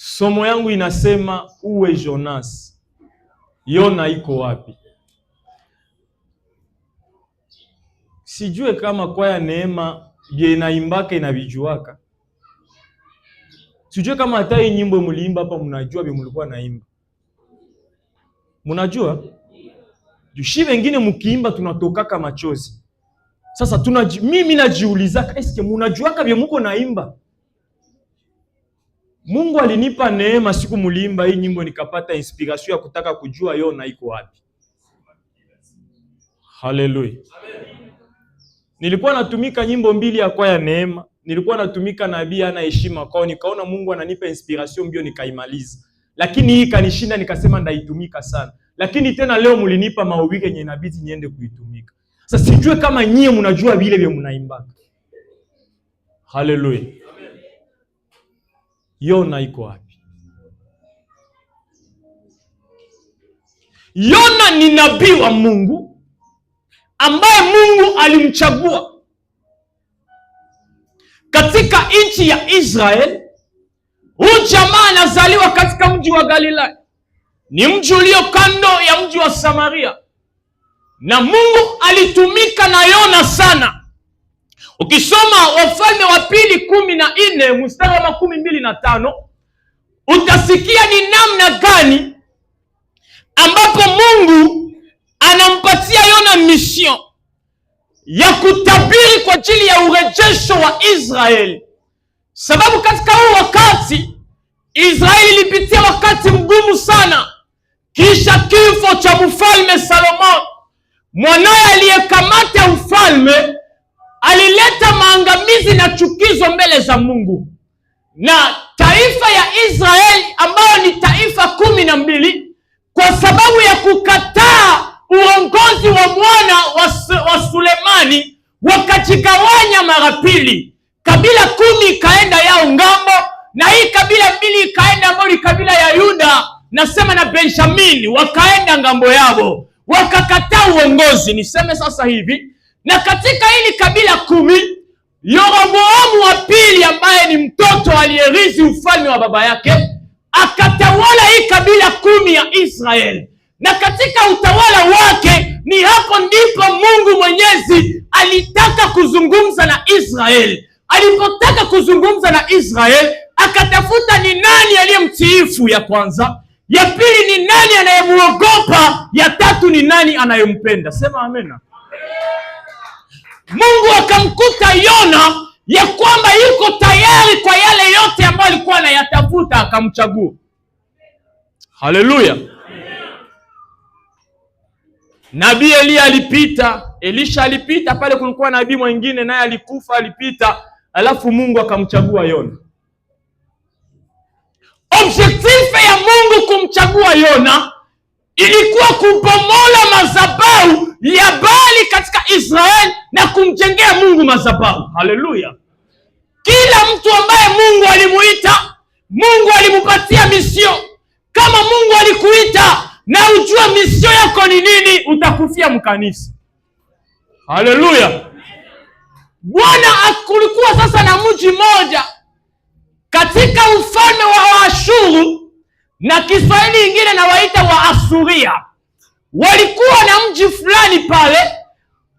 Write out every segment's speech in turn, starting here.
Somo yangu inasema uwe Jonas. Yona iko wapi? Sijue kama kwaya Neema bie inaimbaka inavijuaka, sijue kama hata hii nyimbo mliimba hapa munajua bie mlikuwa naimba, mnajua jushi, wengine mukiimba tunatokaka machozi. Sasa tunaji, mimi najiulizaka eske munajuaka bie muko naimba Mungu alinipa neema siku muliimba hii nyimbo nikapata inspiration ya kutaka kujua na iko wapi. Haleluya. Nilikuwa natumika nyimbo mbili ya kwaya neema, nilikuwa natumika nabii ana heshima kwao, nikaona Mungu ananipa inspiration mbio nikaimaliza. Lakini hii kanishinda nikasema ndaitumika sana. Lakini tena leo mulinipa mahubiri yenye inabidi niende kuitumika. Sasa sijue kama nyie mnajua vile vile mnaimba. Haleluya. Yona iko wapi? Yona ni nabii wa Mungu ambaye Mungu alimchagua katika nchi ya israel Huyu jamaa anazaliwa katika mji wa Galilaya, ni mji ulio kando ya mji wa Samaria, na Mungu alitumika na Yona sana Ukisoma Wafalme wa Pili kumi na nne mstari wa makumi mbili na tano utasikia ni namna gani ambapo Mungu anampatia Yona mission ya kutabiri kwa ajili ya urejesho wa Israeli, sababu katika huu wakati Israeli ilipitia wakati mgumu sana kisha kifo cha mfalme Salomon mwanaye aliyekamata ufalme alileta maangamizi na chukizo mbele za Mungu na taifa ya Israeli ambayo ni taifa kumi na mbili kwa sababu ya kukataa uongozi wa mwana wa Sulemani, wakajigawanya mara pili. Kabila kumi ikaenda yao ngambo, na hii kabila mbili ikaenda ambayo ni kabila ya Yuda nasema na Benjamini, wakaenda ngambo yao, wakakataa uongozi. Niseme sasa hivi na katika hili kabila kumi Yeroboamu wa pili ambaye ni mtoto aliyerithi ufalme wa baba yake akatawala hii kabila kumi ya Israeli, na katika utawala wake ni hapo ndipo Mungu Mwenyezi alitaka kuzungumza na Israeli. Alipotaka kuzungumza na Israeli, akatafuta ni nani aliye mtiifu ya kwanza. Ya pili ni nani anayemwogopa ya tatu ni nani anayempenda. Sema amena. Mungu akamkuta Yona ya kwamba yuko tayari kwa yale yote ambayo alikuwa anayatafuta, akamchagua. Haleluya! Nabii Eliya alipita, Elisha alipita, pale kulikuwa nabii mwingine naye alikufa, alipita, alafu Mungu akamchagua Yona. Objektife ya Mungu kumchagua Yona ilikuwa kubomola madhabahu ya bali katika Israeli na kumjengea Mungu madhabahu. Haleluya! Kila mtu ambaye Mungu alimuita, Mungu alimupatia misio. Kama Mungu alikuita na ujua misio yako ni nini, utakufia mkanisa. Haleluya! Bwana kulikuwa sasa na mji mmoja katika ufalme wa Ashuru na Kiswahili ingine nawaita asuria Walikuwa na mji fulani pale,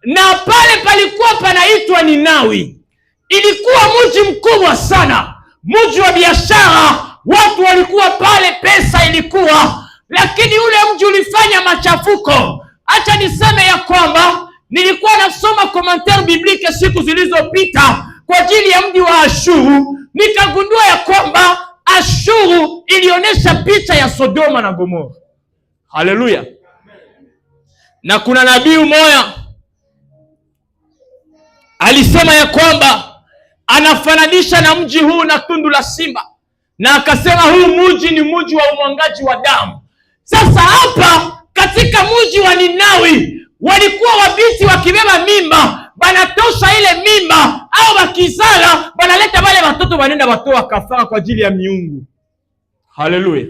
na pale palikuwa panaitwa Ninawi. Ilikuwa mji mkubwa sana, mji wa biashara, watu walikuwa pale, pesa ilikuwa, lakini ule mji ulifanya machafuko. Acha niseme ya kwamba nilikuwa nasoma komentari biblike siku zilizopita kwa ajili ya mji wa Ashuru, nikagundua ya kwamba Ashuru ilionyesha picha ya Sodoma na Gomora. Haleluya! Na kuna nabii mmoja alisema ya kwamba anafananisha na mji huu na tundu la simba, na akasema huu mji ni mji wa umwangaji wa damu. Sasa hapa katika mji wa Ninawi walikuwa wabisi wakibeba mimba banatosha ile mimba au bakizala banaleta bale batoto banenda batoa kafara kwa ajili ya miungu. Haleluya!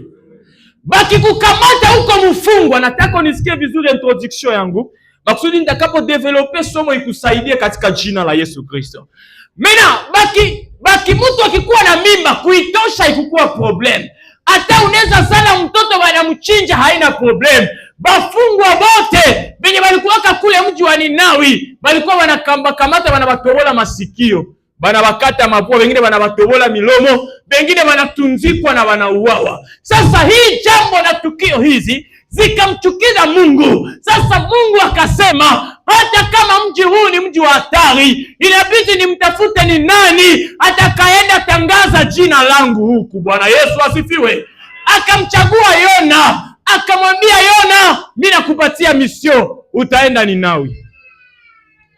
Bakikukamata huko mfungwa, nataka unisikie vizuri introduction yangu bakusudi nitakapo develope somo ikusaidie katika jina la Yesu Kristo. Mena baki baki mtu akikuwa na mimba kuitosha ikukuwa problem, hata unaweza zala mtoto wanamchinja, haina problem Bafungwa bote benye balikuwaka kule mji wa Ninawi balikuwa wanakambakamata wanabatobola masikio, banabakata mapua, wengine banabatobola milomo, wengine wanatunzikwa na wanauawa. Sasa hii jambo na tukio hizi zikamchukiza Mungu. Sasa Mungu akasema hata kama mji huu ni mji wa hatari, inabidi nimtafute ni nani atakaenda tangaza jina langu huku. Bwana Yesu asifiwe. Akamchagua Yona akamwambia Yona, mi nakupatia misio, utaenda Ninawi.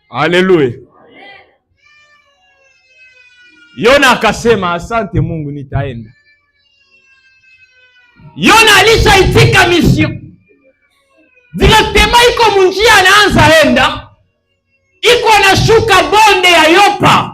Haleluya! Yona akasema asante Mungu, nitaenda. Yona alishaitika misio direktema, iko munjia, anaanza enda, iko anashuka bonde ya Yopa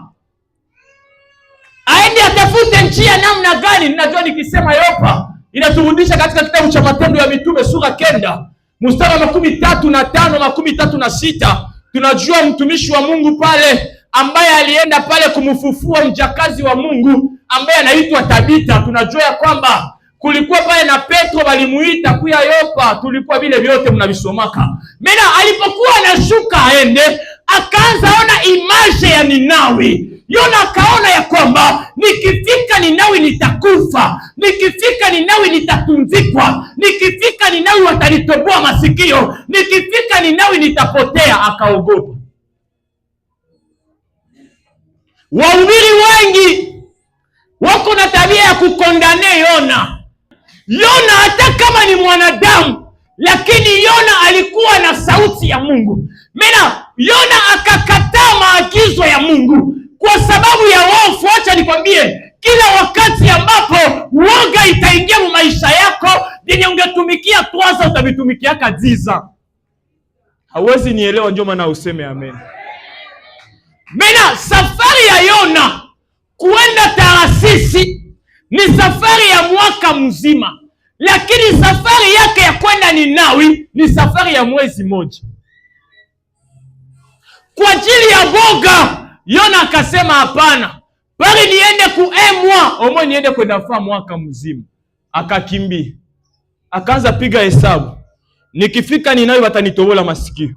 aende atafute njia namna gani. Ninajua nikisema Yopa inatufundisha katika kitabu cha Matendo ya Mitume sura kenda mstari wa makumi tatu na tano makumi tatu na sita tunajua mtumishi wa Mungu pale ambaye alienda pale kumfufua mjakazi wa Mungu ambaye anaitwa Tabita. Tunajua ya kwamba kulikuwa pale na Petro walimuita kuya Yopa, tulikuwa vile vyote mnavisomaka mena. Alipokuwa anashuka aende, akaanza ona imaje ya Ninawi Yona akaona ya kwamba nikifika Ninawi nitakufa, nikifika Ninawi nitatunzikwa, nikifika Ninawi watanitoboa masikio, nikifika Ninawi nitapotea. Akaogopa. Wahubiri wengi wako na tabia ya kukondane Yona. Yona hata kama ni mwanadamu lakini Yona alikuwa na sauti ya Mungu mena, Yona akakataa maagizo ya Mungu kwa sababu ya hofu. Acha nikwambie, kila wakati ambapo woga itaingia mu maisha yako, yenye ungetumikia twaza utavitumikiaka jiza. hauwezi nielewa, ndio maana useme amen. Mena safari ya Yona kuenda Tarasisi ni safari ya mwaka mzima, lakini safari yake ya kwenda Ninawi ni safari ya mwezi moja kwa ajili ya boga Yona akasema hapana, bali niende ku emwa omo, niende kwenafaa mwaka mzima. Akakimbia akaanza piga hesabu, nikifika Ninawi watanitobola masikio,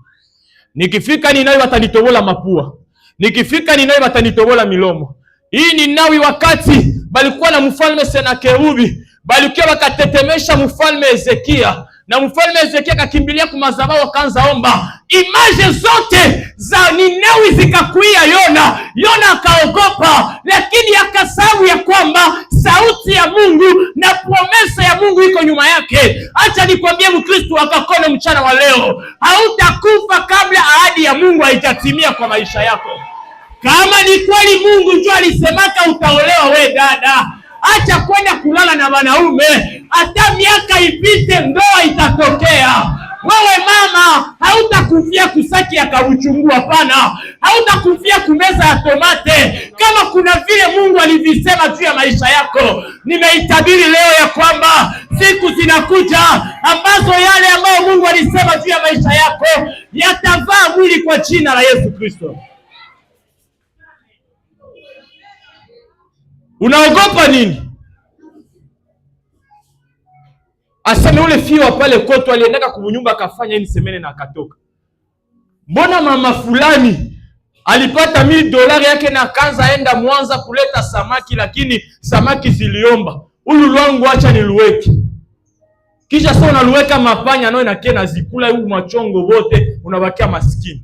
nikifika Ninawi watanitobola mapua, nikifika Ninawi watanitobola milomo. Hii Ninawi wakati balikuwa na mfalme Senakeribu, balikuwa wakatetemesha mfalme Ezekia na mfalme Hezekia akakimbilia kwa madhabahu akaanza omba. Imaje zote za Ninawi zikakuia Yona, Yona akaogopa, lakini akasahau ya kwamba sauti ya Mungu na promesa ya Mungu iko nyuma yake. Acha nikwambie Mkristo wa Kakono mchana wa leo, hautakufa kabla ahadi ya Mungu haitatimia kwa maisha yako. Kama ni kweli Mungu ndio alisemaka utaolewa, we dada Acha kwenda kulala na wanaume, hata miaka ipite, ndoa itatokea. Wewe mama, hautakufia kusaki ya kauchungu, pana, Hautakufia kumeza ya tomate, kama kuna vile Mungu alivisema juu ya maisha yako. Nimeitabiri leo ya kwamba siku zinakuja ambazo yale ambayo Mungu alisema juu ya maisha yako yatavaa mwili kwa jina la Yesu Kristo. Unaogopa nini? Aseme ule fiwa pale Koto aliendaka kumunyumba akafanya ini semene na akatoka. Mbona mama fulani alipata mili dolari yake na akaanza enda Mwanza kuleta samaki, lakini samaki ziliomba, huyu lwangu acha niluweke. Kisha sasa unaluweka mapanya na kena nazikula huyu machongo wote, unabakia maskini.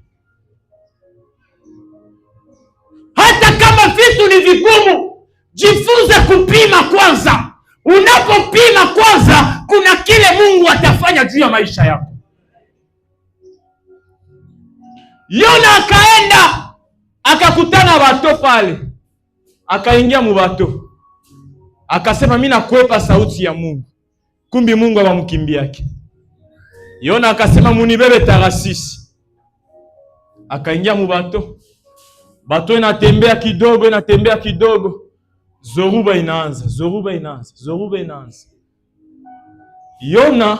Hata kama vitu ni vigumu Jifunze kupima kwanza. Unapopima kwanza, kuna kile Mungu atafanya juu ya maisha yako. Yona akaenda akakutana bato pale, akaingia mubato, akasema mi nakwepa sauti ya Mungu, kumbi Mungu abamkimbiake. Yona akasema munibebe Tarasisi, akaingia mubato, bato inatembea kidogo, inatembea kidogo Zoruba inaanza, zoruba inaanza, zoruba inaanza. Yona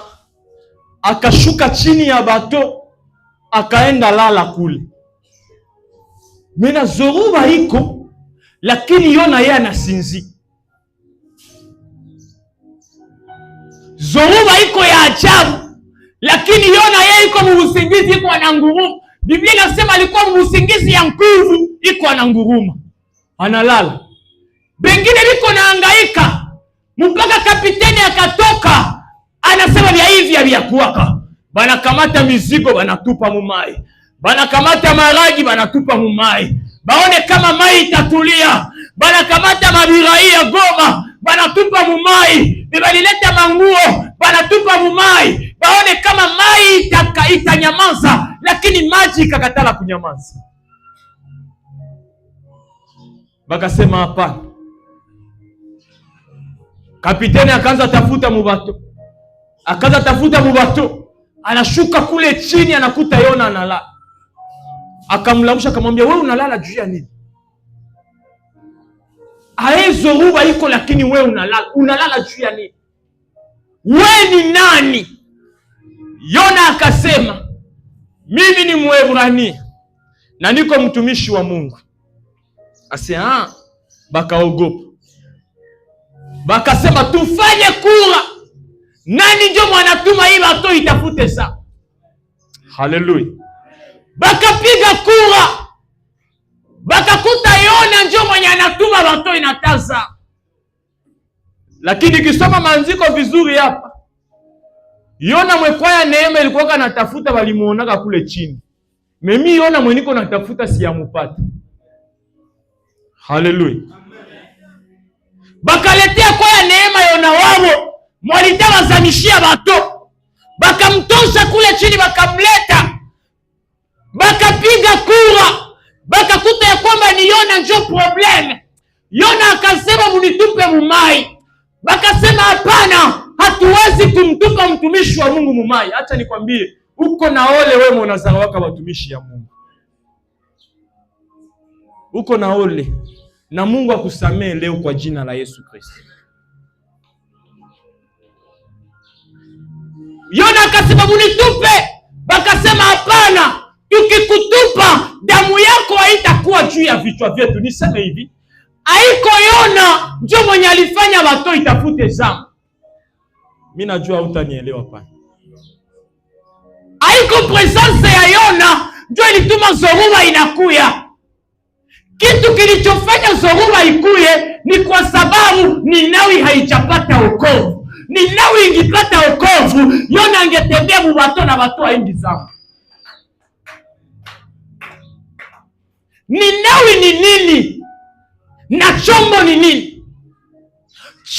akashuka chini ya bato akaenda lala kule. Mena zoruba iko lakini Yona yeye anasinzi. Zoruba iko ya ajabu lakini Yona yeye iko muusingizi, iko ananguruma. Biblia inasema alikuwa muusingizi ya nguvu, iko ananguruma, analala bengine liko naangaika mpaka kapiteni akatoka, anasema vya hivi havyakuwaka, banakamata mizigo banatupa mumai, banakamata maragi banatupa mumai, baone kama mai itatulia. Banakamata mabirai ya Goma banatupa mumai, bebalileta manguo banatupa mumai, baone kama mai itaka itanyamaza, lakini maji ikakatala kunyamaza, bakasema hapana Kapiteni akaanza tafuta mubato, akaanza tafuta mubato, anashuka kule chini, anakuta Yona analala. Akamlamusha akamwambia, wewe unalala juu ya nini? huwa iko lakini we unalala, unalala juu ya nini? We ni nani? Yona akasema mimi ni Mwebrania na niko mtumishi wa Mungu. Ase ah, bakaogopa bakasema tufanye kura, nani njo mwanatuma hii bato itafute sa. Haleluya! bakapiga kura, bakakuta Yona njo mwenye anatuma bato inataza. Lakini kisoma maandiko vizuri hapa, Yona mwekwaya neema ilikuwaka natafuta, walimuonaka kule chini. Memi Yona mweniko natafuta siyamupata. Haleluya! bakaletea kwaya neema yona wabo mwalita bazamishia bato, bakamtosha kule chini, bakamleta bakapiga kura, bakakuta ya kwamba ni Yona njo probleme. Yona akasema munitupe mumai, bakasema hapana, hatuwezi kumtupa mtumishi wa Mungu mumai. Acha nikwambie, uko na ole wewe mwanazawaka watumishi ya Mungu, uko na ole na Mungu akusamee leo kwa jina la Yesu Kristo. Yona akasema munitupe, bakasema hapana, tukikutupa damu yako haitakuwa juu ya vichwa vyetu. Niseme hivi, aiko Yona njo mwenye alifanya watu itafute zamu. Mi najua utanielewa pana, aiko presence ya Yona njo ilituma zoruba inakuya kitu kilichofanya zoruba ikuye ni kwa sababu Ninawi haichapata wokovu. Ninawi ingipata wokovu, Yona angetembea mubato na batoa ingi zao. Ninawi ni nini na chombo ni nini?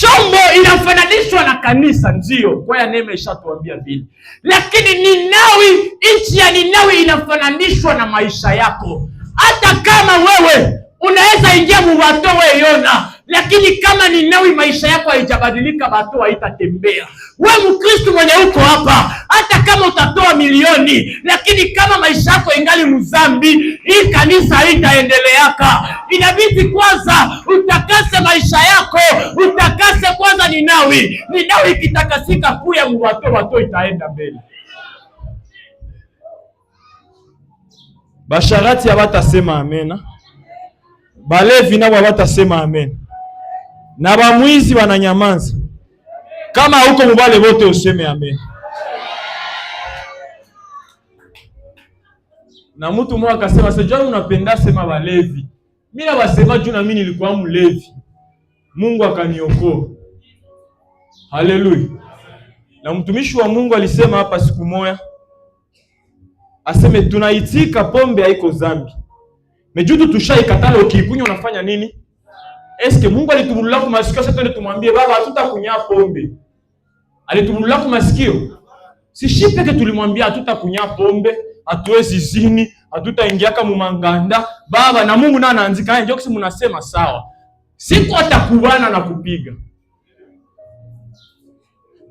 Chombo inafananishwa na kanisa, ndio kwaya neema ishatuambia vile, lakini Ninawi, nchi ya Ninawi inafananishwa na maisha yako hata kama wewe unaweza ingia muwatowe Yona, lakini kama ni nawi maisha yako haijabadilika, bato haitatembea. We Mkristu mwenye uko hapa, hata kama utatoa milioni, lakini kama maisha yako ingali mzambi, hii kanisa haitaendeleaka. Inabidi kwanza utakase maisha yako, utakase kwanza Ninawi. Ninawi ikitakasika, kuya muwatoe, wato itaenda mbele. Basharati hawatasema amena, balevi nabo hawatasema amena, na bamwizi wananyamanza. Kama huko mubale bote useme amena. Na mtu mmoja akasema, sasa unapenda sema balevi, mimi nawasema juu na mimi nilikuwa mlevi, Mungu akaniokoa. Haleluya! Na mtumishi wa Mungu alisema hapa siku moja aseme tunaitika pombe haiko zambi mejutu tushaikatala. Ukiikunywa unafanya nini? Eske Mungu alitubulula kwa masikio sasa twende tumwambie baba, hatutakunya pombe? Alitubulula kwa masikio? Si shi peke tulimwambia hatutakunya pombe, hatuwezi zini, hatutaingiaka mumanganda baba. Na Mungu naye anaanzika nje, kesi mnasema sawa, siku atakubana na kupiga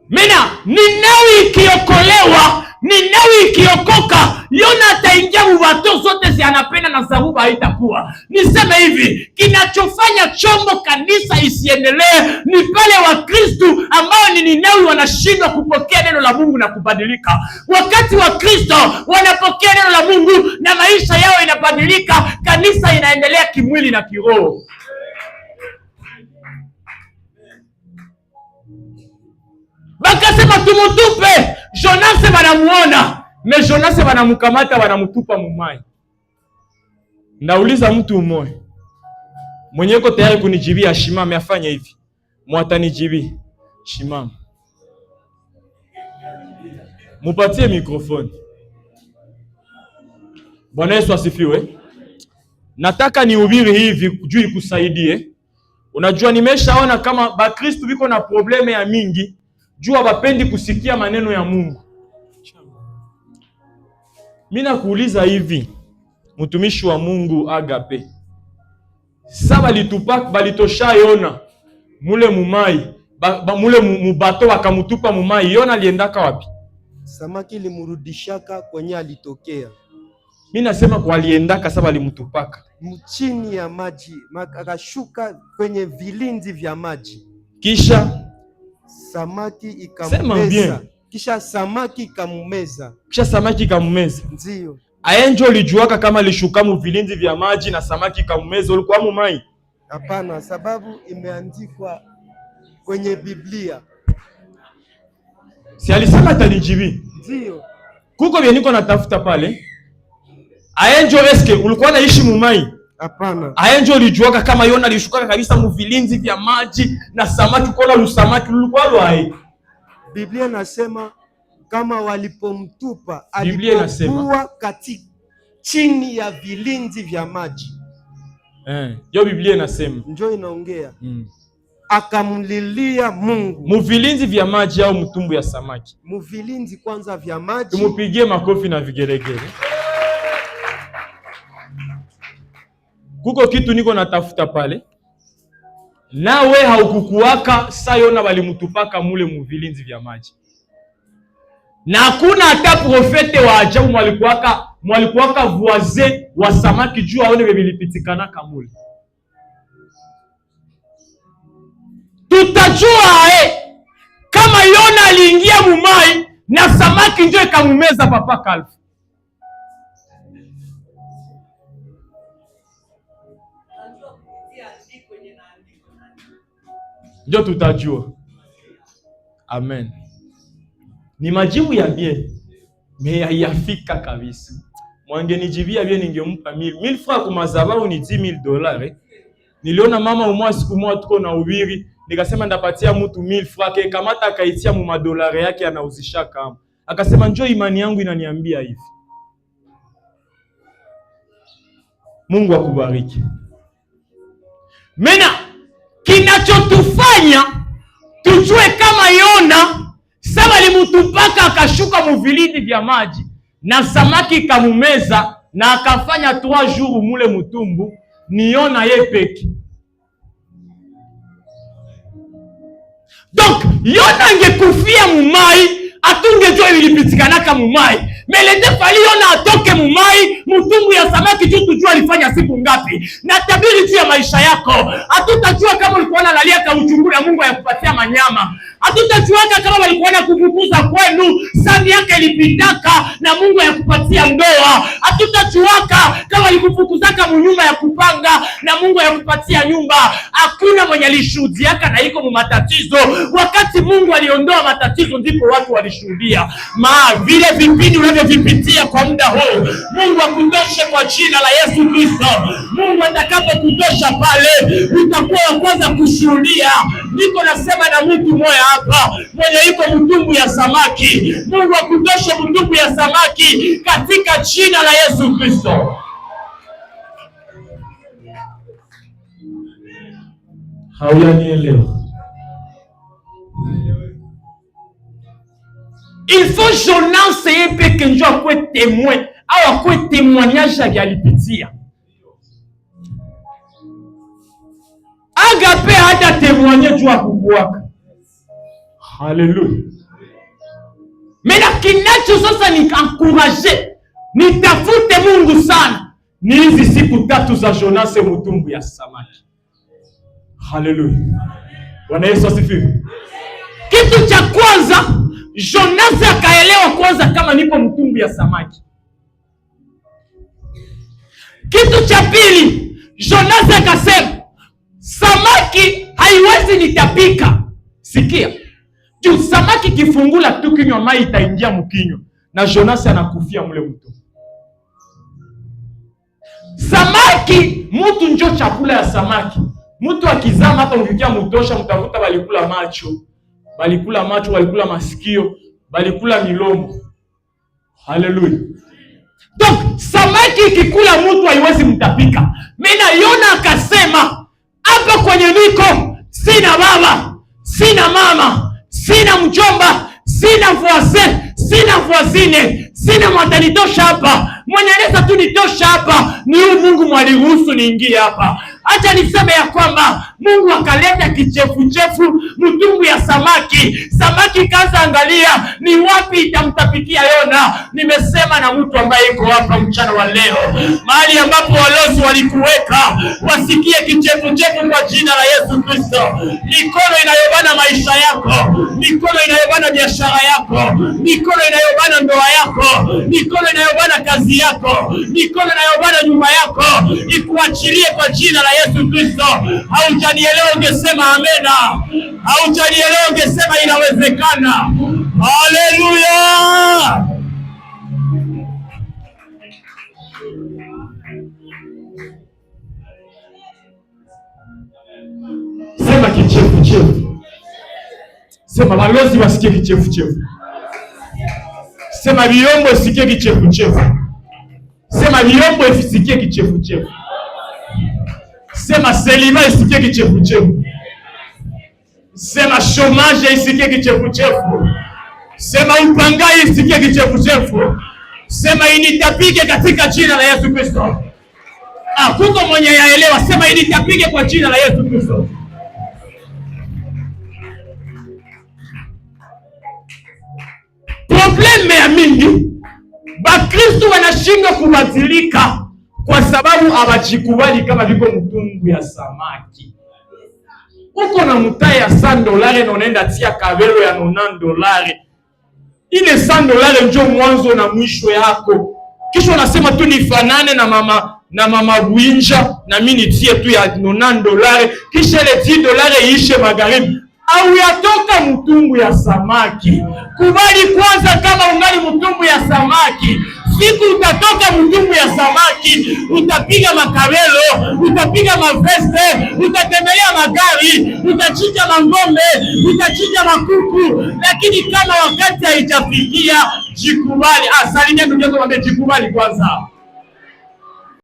mina ninawi ikiokolewa Ninawi ikiokoka, Yona ataingia muvato zote anapenda na zaruba haitakuwa. Niseme hivi, kinachofanya chombo kanisa isiendelee ni pale Wakristu ambao ni Ninawi wanashindwa kupokea neno la Mungu na kubadilika. Wakati Wakristo wanapokea neno la Mungu na maisha yao inabadilika, kanisa inaendelea kimwili na kiroho. Bakasema tumutupe Jonase banamuona me Jonase banamukamata banamutupa mumai. Nauliza mtu umoya mwenye ko tayari kunijibia shimama, afanya hivi mwatanijibi shimama, mupatie mikrofoni. Bwana Yesu asifiwe. Nataka nihubiri hivi juu ikusaidie. Unajua, nimeshaona kama Bakristu biko na probleme ya mingi jua wapendi kusikia maneno ya Mungu. Mi nakuuliza hivi, mtumishi wa Mungu Agape, sa balitupa balitosha Yona mule mumai ba, ba, mule mubato wakamutupa mumai, Yona aliendaka wapi? Samaki limurudishaka kwenye alitokea. Mi nasema kwa aliendaka, sa balimutupaka mchini ya maji, akashuka kwenye vilindi vya maji kisha samaki ikamumeza. Kisha samaki ikamumeza. Kisha samaki ikamumeza. Ndio. Aenjo lijuwaka kama lishukamu vilindi vya maji na samaki ikamumeza ulikuwa mumai? Hapana, sababu imeandikwa kwenye Biblia. Si alisema atanijibi? Ndio. Kuko vyeniko natafuta pale. Aenjo, eske ulikuwa naishi mumai? Hapana. Haya ndio ulijuaga kama Yona alishuka kabisa muvilinzi vya maji na samaki kola lusamaki lulikuwa lwai. Biblia nasema kama walipomtupa alipokuwa katika chini ya vilinzi vya maji. Eh, Biblia inasema. njo inaongea. Mm. Akamlilia Mungu. Muvilinzi vya maji au mtumbu ya samaki? Muvilinzi kwanza vya maji. Tumupigie makofi na vigelegele. kuko kitu niko natafuta pale, nawe haukukuwaka. Sayona walimutupaka mule muvilinzi vya maji, na hakuna hata profete wa ajabu mwalikuwaka, mwalikuwaka voise wa samaki juu aone vyevilipitikanaka mule. Tutajua eh, kama Yona aliingia mumai na samaki ndio ikamumeza papa kalfu ndio tutajua. Amen. Ni majibu ya bien bie meyayafika kabisa. Mwangenijibia bie ningempa mil mil francs kwa madhabahu ni 10000 dollars. Eh. Niliona mama umwa siku moja tuko na ubiri, nikasema ndapatia mtu 1000 francs kamata akaitia mu madolari yake anauzisha kama. Akasema njoo, imani yangu inaniambia hivi. Mungu akubariki. Mena kinachotufaa kufanya tujue kama Yona saba limutupaka akashuka muvilindi vya maji na samaki kamumeza na akafanya trois jours mule mutumbu, ni Yona ye peke. Donc Yona angekufia mumai atunge atungejua ilipitikanaka mumai melende fali atoke mumai mutungu ya samaki juu tujua alifanya siku ngapi, na tabiri juu ya maisha yako. Hatutajua kama ulikuona laliaka uchungu na Mungu ayakupatia manyama, hatutajuaka kama walikuona kuvukuza kwenu sani yake ilipitaka na Mungu ayakupatia ndo Hatachuwaka kama likufukuzaka munyuma ya kupanga na Mungu yamupatia nyumba. Hakuna mwenye alishuhudiaka na iko mumatatizo. Wakati Mungu aliondoa matatizo, ndipo watu walishuhudia. ma vile vipindi unavyovipitia kwa muda huu, Mungu akutoshe kwa jina la Yesu Kristo. Mungu atakapokutosha pale, utakuwa wa kwanza kushuhudia. Niko nasema na mtu moya hapa mwenye iko mtumbu ya samaki, Mungu akutoshe mtumbu ya samaki katika jina la Yesu Sous Christo. Awe anye le. Il fò jounan seye peken jwa kwe temwen. Awa kwe temwanya jwa gyalipetia. Agape ada temwanya jwa kubwa. Hallelou. Men akina chouson sa ni kankouraje. nitafute Mungu sana, ni hizi siku tatu za jonasi mtumbu ya samaki. Haleluya, Bwana Yesu asifiwe. Kitu cha kwanza jonasi akaelewa kwanza kama nipo mtumbu ya samaki. Kitu cha pili jonasi akasema samaki haiwezi nitapika. Sikia juu samaki kifungula tu kinywa, mai itaingia mkinywa, na jonasi anakufia mle mtu Samaki mutu njo chakula ya samaki. Mutu akizama hata ungekia mutosha, mtakuta balikula macho, balikula macho, balikula masikio, balikula milomo. Haleluya! Donc samaki ikikula mutu haiwezi mtapika. Mina Yona akasema hapa kwenye niko, sina baba, sina mama, sina mjomba, sina voisin, sina voisine, sina mwatanitosha hapa Mweneleza tu nitosha hapa, ni huyu Mungu mwaliruhusu niingie hapa. Acha niseme ya kwamba Mungu akaleta kichefuchefu mtungu ya samaki. Samaki kaza, angalia ni wapi itamtafikia Yona. Nimesema na mtu ambaye iko hapa mchana wa leo, mahali ambapo walozi walikuweka, wasikie kichefuchefu kwa jina la Yesu Kristo. Mikono inayobana maisha yako, mikono inayobana biashara yako, mikono inayobana ndoa yako, mikono inayobana kazi yako, mikono inayobana nyumba yako, ikuachilie kwa jina la Yesu Kristo. Haujanielewa? Ungesema amena. Haujanielewa? leo ungesema inawezekana. Haleluya! Sema kichefuchefu, sema balozi wasikie kichefuchefu, sema viombo isikie kichefuchefu, sema viombo isikie kichefuchefu, sema selima isikie kichefuchefu. Sema shomaje isikie kichefuchefu. Sema upangai isikie kichefuchefu. Sema initapike katika jina la Yesu Kristo. Ah, kuko mwenye yaelewa, sema initapike kwa jina la Yesu Kristo. Probleme ya mingi Bakristo wanashinga kubadilika kwa sababu hawajikubali kama viko mtungu ya samaki uko na mutai ya 100 dolare na unaenda tia kabelo ya 90 dolare. Ile 100 dolare njo mwanzo na mwisho yako. Kisha unasema tu nifanane na mama na mama Bwinja na mimi nitie tu ya 90 dollars kisha ile 10 dollars iishe magharibi au yatoka mtumbu ya samaki. Kubali kwanza kama ungali mtumbu ya samaki siku utatoka mdumu ya samaki, utapiga makabelo, utapiga mafeste, utatembelea magari, utachinja mang'ombe, utachinja makuku, lakini kama wakati haijafikia, jikubali. Asalimia ah, ndugu yako, mwambie jikubali kwanza.